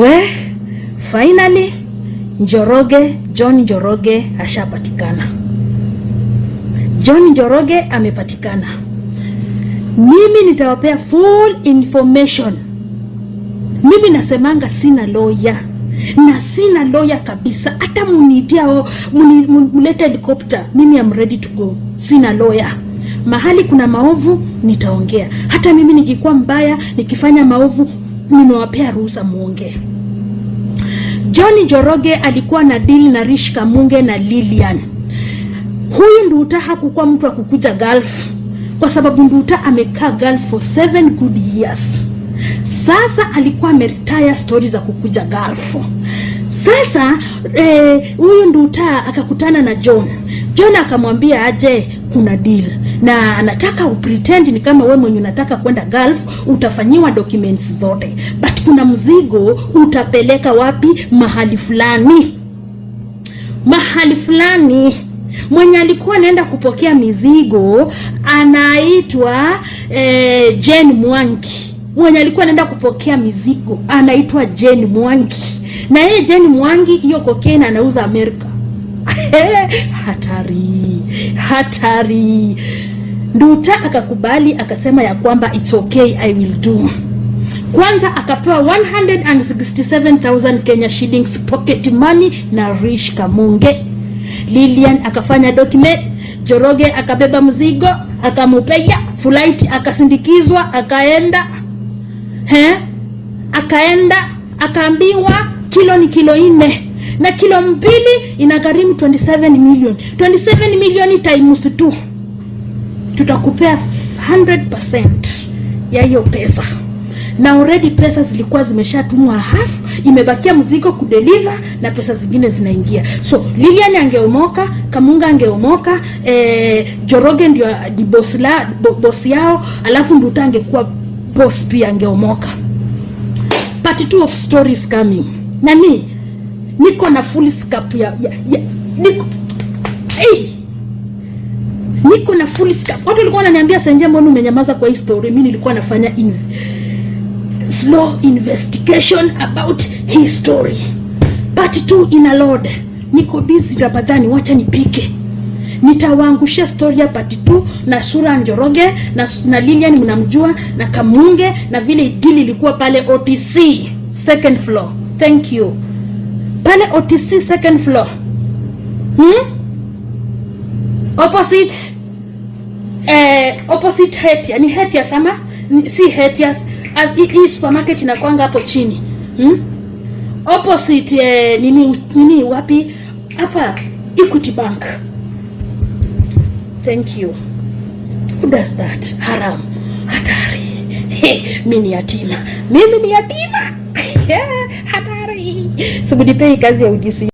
we finally Njoroge John Njoroge ashapatikana. John Njoroge amepatikana. Mimi nitawapea full information. Mimi nasemanga sina lawyer na sina lawyer kabisa, hata mnitia mlete helicopter, mimi am ready to go. Sina lawyer. Mahali kuna maovu nitaongea, hata mimi nikikuwa mbaya nikifanya maovu, nimewapea ruhusa muongee. John Njoroge alikuwa na deal na Rish Kamunge na Lilian. Huyu Nduta hakukuwa mtu wa kukuja Gulf kwa sababu Nduta amekaa Gulf for seven good years. Sasa alikuwa ameretire stori za kukuja Gulf. Sasa eh, huyu eh, Nduta akakutana na John. John akamwambia aje kuna deal na anataka upretend ni kama wewe mwenye unataka kwenda Gulf, utafanyiwa documents zote, but kuna mzigo utapeleka wapi, mahali fulani, mahali fulani mwenye alikuwa anaenda kupokea mizigo anaitwa eh, Jane Mwangi. Mwenye alikuwa anaenda kupokea mizigo anaitwa Jane Mwangi, na yeye Jane Mwangi hiyo cocaine anauza Amerika. Hatari, hatari. Nduta akakubali akasema ya kwamba it's okay, I will do. Kwanza akapewa 167,000 Kenya shillings pocket money na Rish Kamunge. Lilian akafanya document, Joroge akabeba mzigo akamupeya flight, akasindikizwa akaenda he, akaenda akaambiwa kilo ni kilo nne na kilo mbili inagharimu 27 million. 27 million times 2 tutakupea 100% ya hiyo pesa, na already pesa zilikuwa zimeshatumwa half, imebakia mzigo kudeliver na pesa zingine zinaingia. So Lilian angeomoka, Kamunga angeomoka, eh, Joroge ndio ni boss la bo, boss yao, alafu Nduta angekuwa boss pia angeomoka. Part two of stories coming. Nani niko na full scope ya, ya, ya niko, hey. Niko na full stack. Watu walikuwa wananiambia Sanjay, mbona umenyamaza kwa hii story? Mimi nilikuwa nafanya in slow investigation about his story. Part 2 ina load. Niko busy Ramadhani, wacha nipike. Nitawaangushia story ya part 2 na Sura Njoroge na, na Lilian mnamjua na Kamunge na vile deal ilikuwa pale OTC second floor. Thank you. Pale OTC second floor. Hmm? opposite eh, opposite Hetia ni Hetia sama si Hetia. Hii ah, supermarket inakwanga hapo chini hmm? opposite eh, nini nini wapi hapa Equity Bank. Thank you. Who does that? Haram. Hatari. Hey, mimi ni yatima. Mimi ni yatima. Yeah, hatari. Sibudipei kazi ya ujisi.